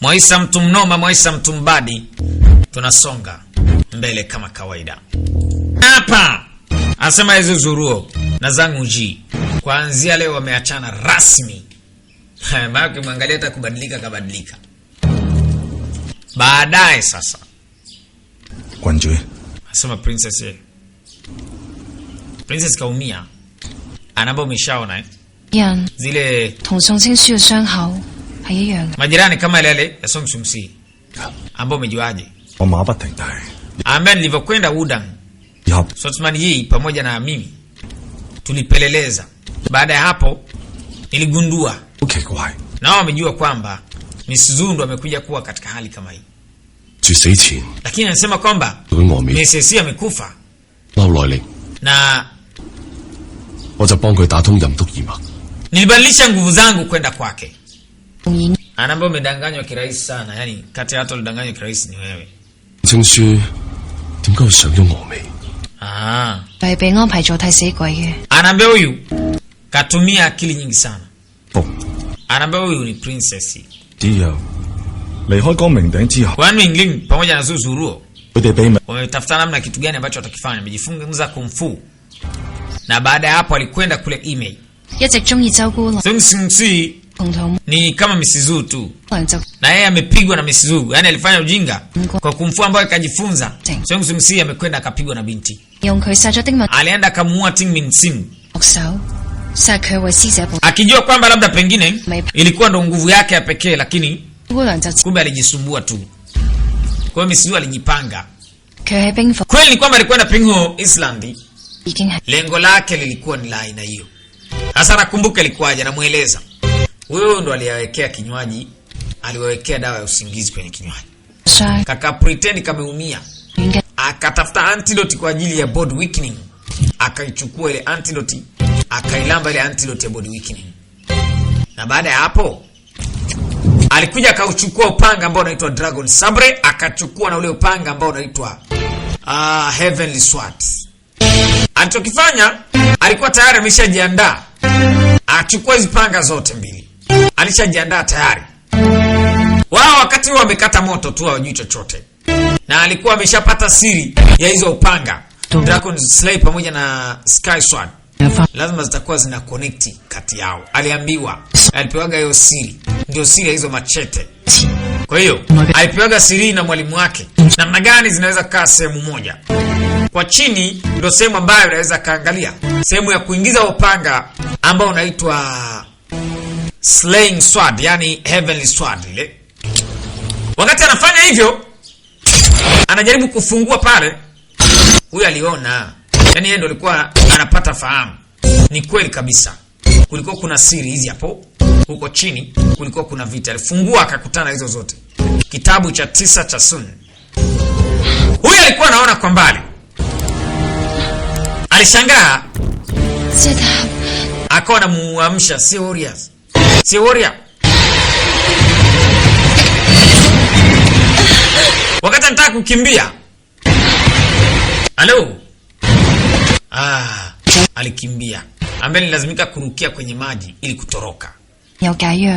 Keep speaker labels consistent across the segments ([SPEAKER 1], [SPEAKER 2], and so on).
[SPEAKER 1] Mwaisa mtu mnoma, Mwaisa mtu mbadi. Tunasonga mbele kama kawaida. Hapa asema hizo zuruo na zangu ji, kuanzia leo wameachana rasmi. Maana mwangalia hata kubadilika kabadilika. Baadaye sasa Kwanjwe asema princess ye. Princess kaumia anaba mishaona eh?
[SPEAKER 2] Yan. Zile tong shang hao 係一樣
[SPEAKER 1] 嘅。Majirani kama ile ile ya Song Shumsi ambao umejuaje? Ambaye nilivyokwenda Udan Sotman hii pamoja na mimi tulipeleleza. Baada ya hapo niligundua okay, na wamejua kwamba Miss Zundu amekuja kuwa katika hali kama hii, lakini anasema kwamba Miss amekufa na nilibadilisha nguvu zangu kwenda kwake. Anaambia umedanganywa kirahisi sana, yani kati ya watu walidanganywa kirahisi ni wewe. Ah. Anaambia huyu katumia akili nyingi sana. Anaambia huyu ni princess. Ndio. Wan Mingling pamoja na Zuzuruo wametafuta namna kitu gani ambacho watakifanya, amejifunza kumfu na baada ya hapo alikwenda kule email ni kama misizuu tu, na yeye amepigwa na misizuu yani alifanya ujinga kwa kumfua ambayo akajifunza. Sumsi amekwenda akapigwa na binti, alienda akamuua Tingmin Sim akijua kwamba labda pengine ilikuwa ndo nguvu yake ya pekee, lakini kumbe alijisumbua tu. Kwa hiyo misizuu alijipanga kweli, ni kwamba alikwenda na islandi lengo lake lilikuwa ni la aina hiyo hasa. Nakumbuka ilikuwaje, namweleza huyo ndo aliyawekea kinywaji, aliwawekea dawa ya usingizi kwenye kinywaji. Kaka pretend kameumia, akatafuta antidote kwa ajili ya body weakening, akaichukua ile antidote, akailamba ile antidote ya body weakening, na baada ya hapo alikuja akauchukua upanga ambao unaitwa Dragon Sabre, akachukua na ule upanga ambao unaitwa uh, Heavenly Sword. Alichokifanya alikuwa tayari ameshajiandaa achukua hizi panga zote mbili alishajiandaa tayari. Wao wakati huo wamekata moto tu, hawajui chochote, na alikuwa ameshapata siri ya hizo upanga Dragon Slayer pamoja na Sky Sword lazima zitakuwa zina connect kati yao. Aliambiwa, alipewaga hiyo siri, ndio siri ya hizo machete. Kwa hiyo alipewaga siri na mwalimu wake namna gani zinaweza kaa sehemu moja. Kwa chini ndio sehemu ambayo unaweza kaangalia, sehemu ya kuingiza upanga ambao unaitwa slaying sword, yani heavenly sword ile. Wakati anafanya hivyo, anajaribu kufungua pale, huyo aliona, yani yeye ndo alikuwa anapata fahamu. Ni kweli kabisa, kulikuwa kuna siri hizi hapo huko chini, kulikuwa kuna vita. Alifungua akakutana hizo zote. Kitabu cha tisa cha Sun, huyu alikuwa anaona kwa mbali, alishangaa akawa anamuamsha Sirius теория. Wakati nataka kukimbia. Halo. Ah, alikimbia. Ambaye nilazimika kurukia kwenye maji ili kutoroka.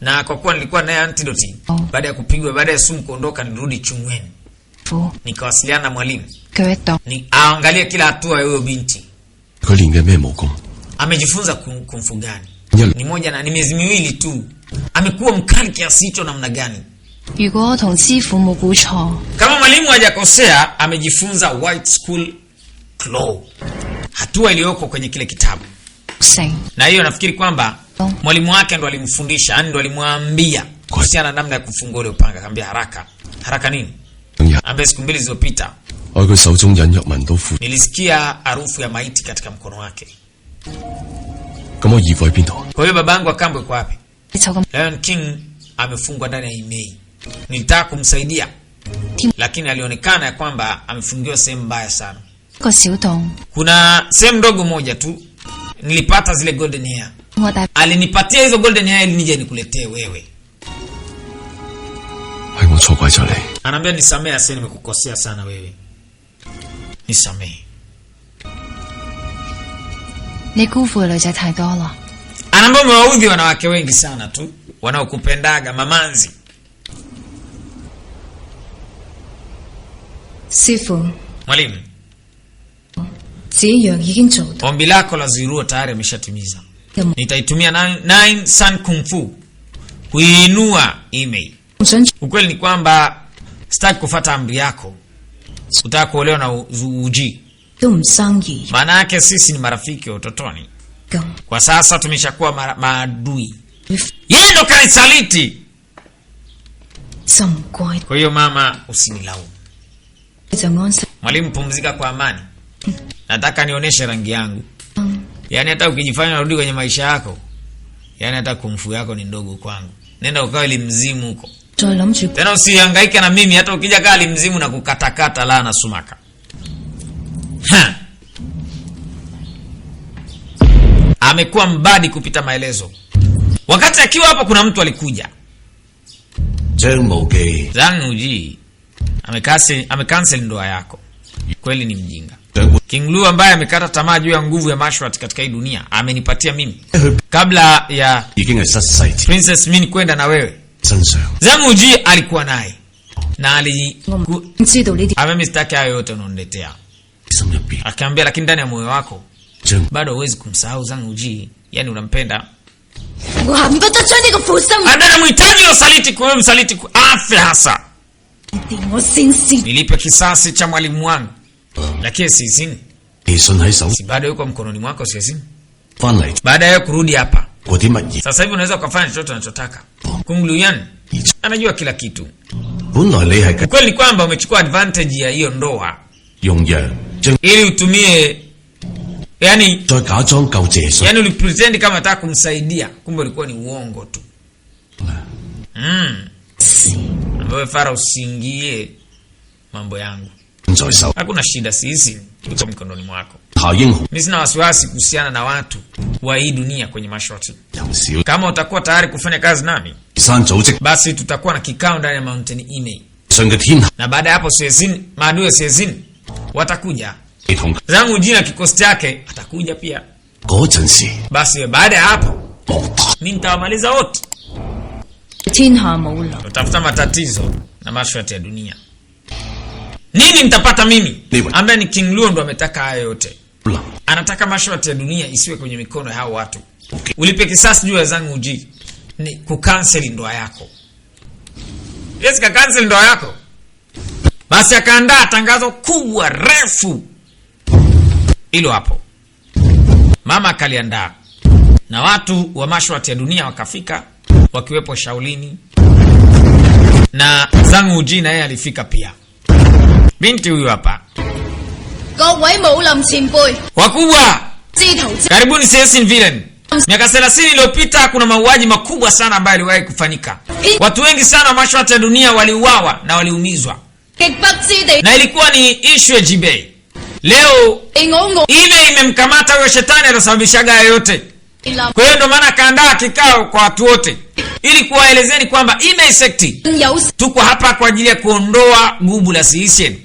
[SPEAKER 1] Na kwa kuwa nilikuwa naye antidote. Oh. Baada ya kupigwa, baada ya sumu kuondoka, nirudi chumweni Nikawasiliana na mwalimu. Ni aangalie kila hatua ya huyo binti. Amejifunza kumfu gani? ni moja na ni miezi miwili tu, amekuwa mkali kiasi hicho namna gani? Kama mwalimu hajakosea, amejifunza white school claw. hatua iliyoko kwenye kile kitabu Same. Na hiyo nafikiri kwamba mwalimu wake ndo alimfundisha, yani ndo alimwambia kuhusiana na namna ya kufungua ule upanga, akamwambia haraka haraka nini, ambaye siku mbili zilizopita nilisikia harufu ya maiti katika mkono wake.
[SPEAKER 3] 咁我姨父喺邊度？
[SPEAKER 1] 佢啲 babangu wa kambo yuko wapi? Lion King amefungwa ndani ya imei. Nilitaka kumsaidia lakini alionekana ya kwamba amefungiwa sehemu mbaya sana.
[SPEAKER 2] Kwa si utong.
[SPEAKER 1] Kuna sehemu ndogo moja tu nilipata zile golden hair. Alinipatia hizo golden hair ili nije nikuletee wewe. Anaambia nisamehe, mekukosea sana wewe, nisamehe.
[SPEAKER 2] Ni kuvu eleza 太多了。
[SPEAKER 1] Anang'ombe waudhi wanawake wengi sana tu wanaokupendaga mamanzi. Sifu. Mwalimu. Ombi lako la ziruo tayari ameshatimiza. Nitaitumia nine, nine Sun Kung Fu kuinua email. Ukweli ni kwamba sitaki kufata amri yako. Utaka kuolewa na uji. Maana yake sisi ni marafiki wa utotoni, kwa sasa tumeshakuwa maadui. Yeye ndo kanisaliti. Kwa hiyo mama, usinilaumu. Mwalimu, pumzika kwa amani. Nataka nionyeshe rangi yangu. Um. Yaani hata ukijifanya narudi kwenye maisha yako, yaani hata kumfu yako ni ndogo kwangu. Nenda ukawa elimzimu huko, tena usihangaike na mimi. Hata ukija kaa elimzimu na kukatakata la na sumaka ha, amekuwa mbadi kupita maelezo. Wakati akiwa hapa, kuna mtu alikuja Zanuji amekansel ndoa yako. Kweli ni mjinga King Lu ambaye amekata tamaa juu ya nguvu ya mashwat katika hii dunia, amenipatia mimi kabla ya Princess Min kwenda na wewe. Zanuji alikuwa naye na ali mistake hayo yote unaonletea Akaambia, lakini ndani ya moyo wako bado huwezi kumsahau zangu uji yani unampenda. Anamhitaji msaliti kwa msaliti kwa afya hasa. Nilipe kisasi cha mwalimu wangu. Lakini sisini. Bado yuko mkononi mwako sisini. Baada ya kurudi hapa. Sasa hivi unaweza kufanya chochote unachotaka. Kung Luyan anajua kila kitu. Kweli kwamba umechukua advantage ya hiyo ndoa ili utumie yani, yani ulipresent kama nataka kumsaidia, kumbe ulikuwa ni uongo tu mm. Wewe Farao, usiingie mambo yangu, hakuna shida, sisi tuko mkononi mwako. Mimi sina wasiwasi kuhusiana na watu wa hii dunia kwenye mashoti. Kama utakuwa tayari kufanya kazi nami, basi tutakuwa na kikao ndani ya Mountain Email, na baada ya hapo siezini maadui siezini watakuja zangu jina kikosi chake atakuja pia. Basi baada ya hapo mimi nitawamaliza wote, tafuta matatizo na mashati ya dunia. Nini nitapata mimi? Ambaye ni King Luo ndo ametaka hayo yote, anataka mashati ya dunia isiwe kwenye mikono ya hao watu. Okay. Ulipe kisasi juu ya zangu ji ni kukanseli ndoa yako. Yes, ka ndoa yako basi akaandaa tangazo kubwa refu, hilo hapo mama akaliandaa, na watu wa mashwati ya dunia wakafika, wakiwepo Shaulini na uji na yeye alifika pia. Binti huyu hapa. Wakubwa, karibuni Villain. Miaka thelathini iliyopita kuna mauaji makubwa sana ambayo yaliwahi kufanyika. Watu wengi sana wa mashwati ya dunia waliuawa na waliumizwa na ilikuwa ni ishu ya jibei. Leo ile imemkamata huyo shetani, atasababishaga yoyote. Kwa hiyo ndo maana akaandaa kikao kwa watu wote ili kuwaelezeni kwamba imesekti tuko hapa kwa ajili ya kuondoa gubu la sisien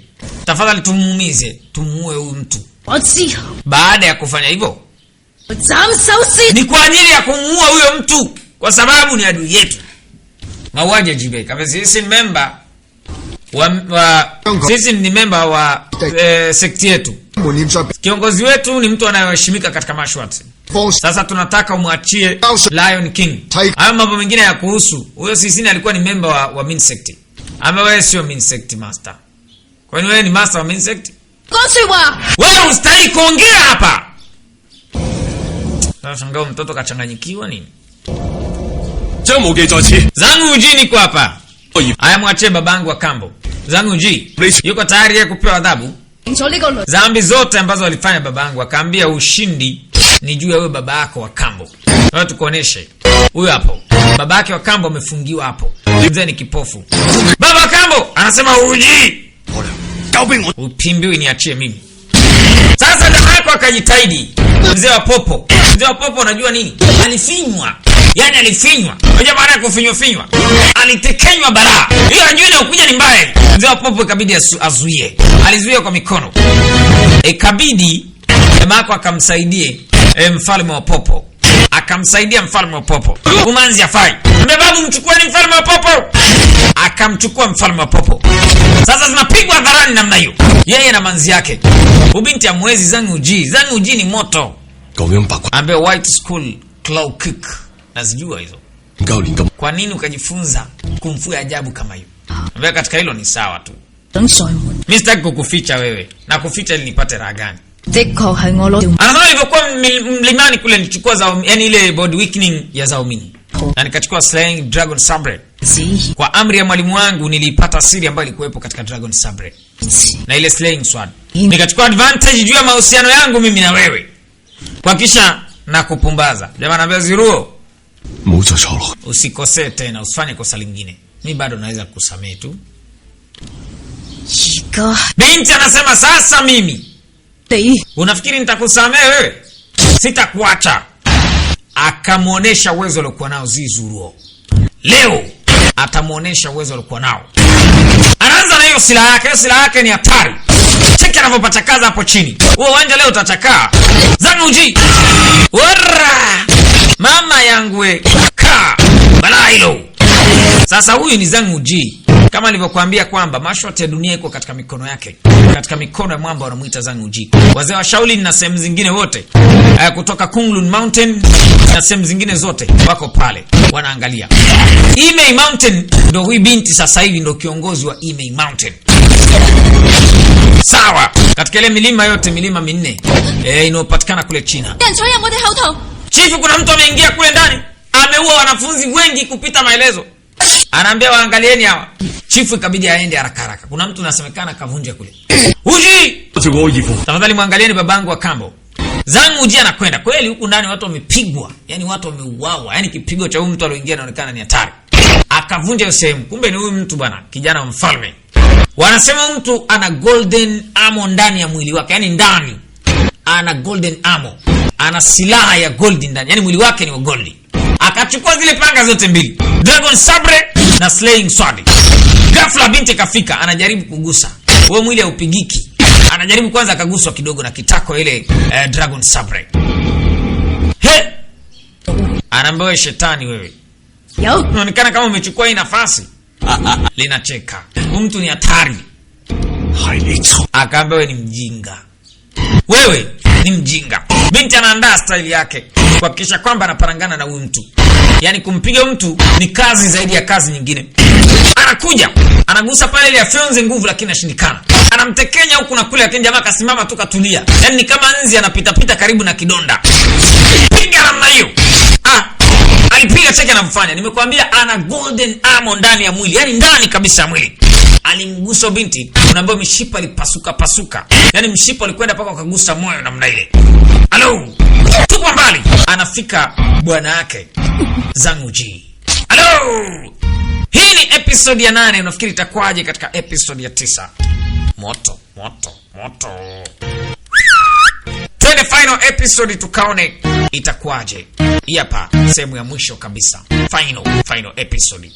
[SPEAKER 1] Tafadhali tumuumize, tumuue huyu mtu. Baada ya kufanya hivyo, ni kwa ajili ya kumuua huyo mtu, kwa sababu ni adui yetu. Mauaji ya Jibei member wa, wa, sisi ni memba wa e, sekti yetu. Kiongozi wetu ni mtu anayeheshimika katika mashwat. Sasa tunataka umwachie Lion King. Hayo mambo mengine ya kuhusu huyo sisi alikuwa ni memba wa, wa min sekti. Ama wewe sio min sekti master. Kwa nini wewe ni master wa min sekti? Wewe ustahi kuongea hapa. Sasa mtoto kachanganyikiwa nini? Zangu ujini kwa hapa. Aya, mwachie babangu wa kambo zangu nji, yuko tayari yeye kupewa adhabu zambi zote ambazo walifanya babangu. Akaambia ushindi ni juu ya huyo baba yako wa kambo. Sasa tukuoneshe huyo hapo, baba yake wa kambo amefungiwa hapo, mzee ni kipofu. Baba wa kambo anasema uji upimbiwi, niachie mimi. Sasa dada yako akajitahidi, mzee wa popo. Mzee wa popo, unajua nini, alifinywa yani alifinywa. Unajua baada ya kufinywa finywa, alitekenywa balaa. Hiyo anjui na ukuja ni mbaya. Mzee wa popo ikabidi azuie, alizuia kwa mikono, ikabidi e, jamaa yako akamsaidie e, mfalme wa popo akamsaidia mfalme wa popo. Umanzi afai mbebabu, ni mfalme wa popo. Akamchukua mfalme wa popo. Sasa zinapigwa hadharani namna hiyo, yeye na manzi yake. Ubinti amwezi zani uji zani uji ni moto ambe white school claw kick nazijua hizo. Kwa nini ukajifunza kumfuya ajabu kama hiyo? Ambaye ah. katika hilo ni sawa tu. Mimi sitaki kukuficha wewe. Na kuficha ili nipate raha gani? Anasema ilivyokuwa mlimani kule nilichukua zao, yani ile body weakening ya zaumini. Oh. Na nikachukua slang dragon sabre. Kwa amri ya mwalimu wangu nilipata siri ambayo ilikuwepo katika dragon sabre. Na ile slaying sword. Nikachukua advantage juu ya mahusiano yangu mimi na wewe. Kwa kisha na kupumbaza. Jamaa anambia ziruo Usikosee tena, usifanye kosa lingine. Mi bado naweza kukusamehe tu. Binti anasema sasa, mimi Tei. unafikiri nitakusamehe wewe? Sitakuacha. Akamwonyesha uwezo aliokuwa nao Zizuruo, leo atamwonyesha uwezo aliokuwa nao. Anaanza na hiyo silaha yake. Hiyo silaha yake ni hatari. Cheki kaza hapo chini, Wewe uwanja leo utachakaa. Zanuji wara mama yangu we ka balaa hilo. Sasa huyu ni zangu Huji, kama nilivyokuambia kwamba mashot ya dunia iko katika mikono yake, katika mikono ya mwamba wanamuita zangu Huji. Wazee wa shauli na sehemu zingine wote eh, kutoka kunglun Mountain na sehemu zingine zote wako pale wanaangalia. Imei Mountain ndo hui binti sasa hivi ndo kiongozi wa Imei Mountain. Sawa, katika ile milima yote milima minne eh, inayopatikana kule China. Chifu, kuna mtu ameingia kule ndani ameua wanafunzi wengi kupita maelezo. Anaambia waangalieni hawa. Chifu ikabidi aende haraka haraka. Kuna mtu nasemekana kavunja kule. Uji! Tafadhali mwangalieni babangu wa kambo. Zangu uji anakwenda. Kweli huku ndani watu wamepigwa. yani watu wameuawa. yani kipigo cha huyu mtu aliyoingia inaonekana ni hatari. Akavunja sehemu. Kumbe ni huyu mtu bwana, kijana wa mfalme. Wanasema mtu ana golden amo ndani ya mwili wake. yani ndani ana golden amo ana silaha ya goldi ndani, yani mwili wake ni wa goldi. Akachukua zile panga zote mbili, dragon sabre na slaying sword. Ghafla binti kafika, anajaribu kugusa wewe, mwili haupigiki. Anajaribu kwanza, akaguswa kidogo na kitako ile eh, dragon sabre. He, anaambiwa shetani wewe, unaonekana kama umechukua hii nafasi. Ah, ah, ah. Linacheka, huyu mtu ni hatari. Akaambiwa wewe ni mjinga wewe ni mjinga. Binti anaandaa staili yake kuhakikisha kwamba anaparangana na huyu mtu, yaani kumpiga mtu ni kazi zaidi ya kazi nyingine. Anakuja anagusa pale ile afyonze nguvu, lakini anashindikana. Anamtekenya huku na kule, lakini jamaa kasimama tu, katulia, yaani ni kama nzi anapitapita karibu na kidonda. Piga namna hiyo ah, alipiga cheki, anamfanya. Nimekuambia ana golden ndani ya mwili, yaani ndani kabisa ya mwili alimgusa binti, unaambiwa mishipa ilipasuka pasuka, yani mshipa ulikwenda paka ukagusa moyo namna ile. Halo, tupo mbali, anafika bwana yake Zanguji. Halo, hii ni episode ya nane. Unafikiri itakwaje katika episode ya tisa? Moto moto moto, twende final episode tukaone itakwaje. Hii hapa sehemu ya mwisho kabisa, final final episode.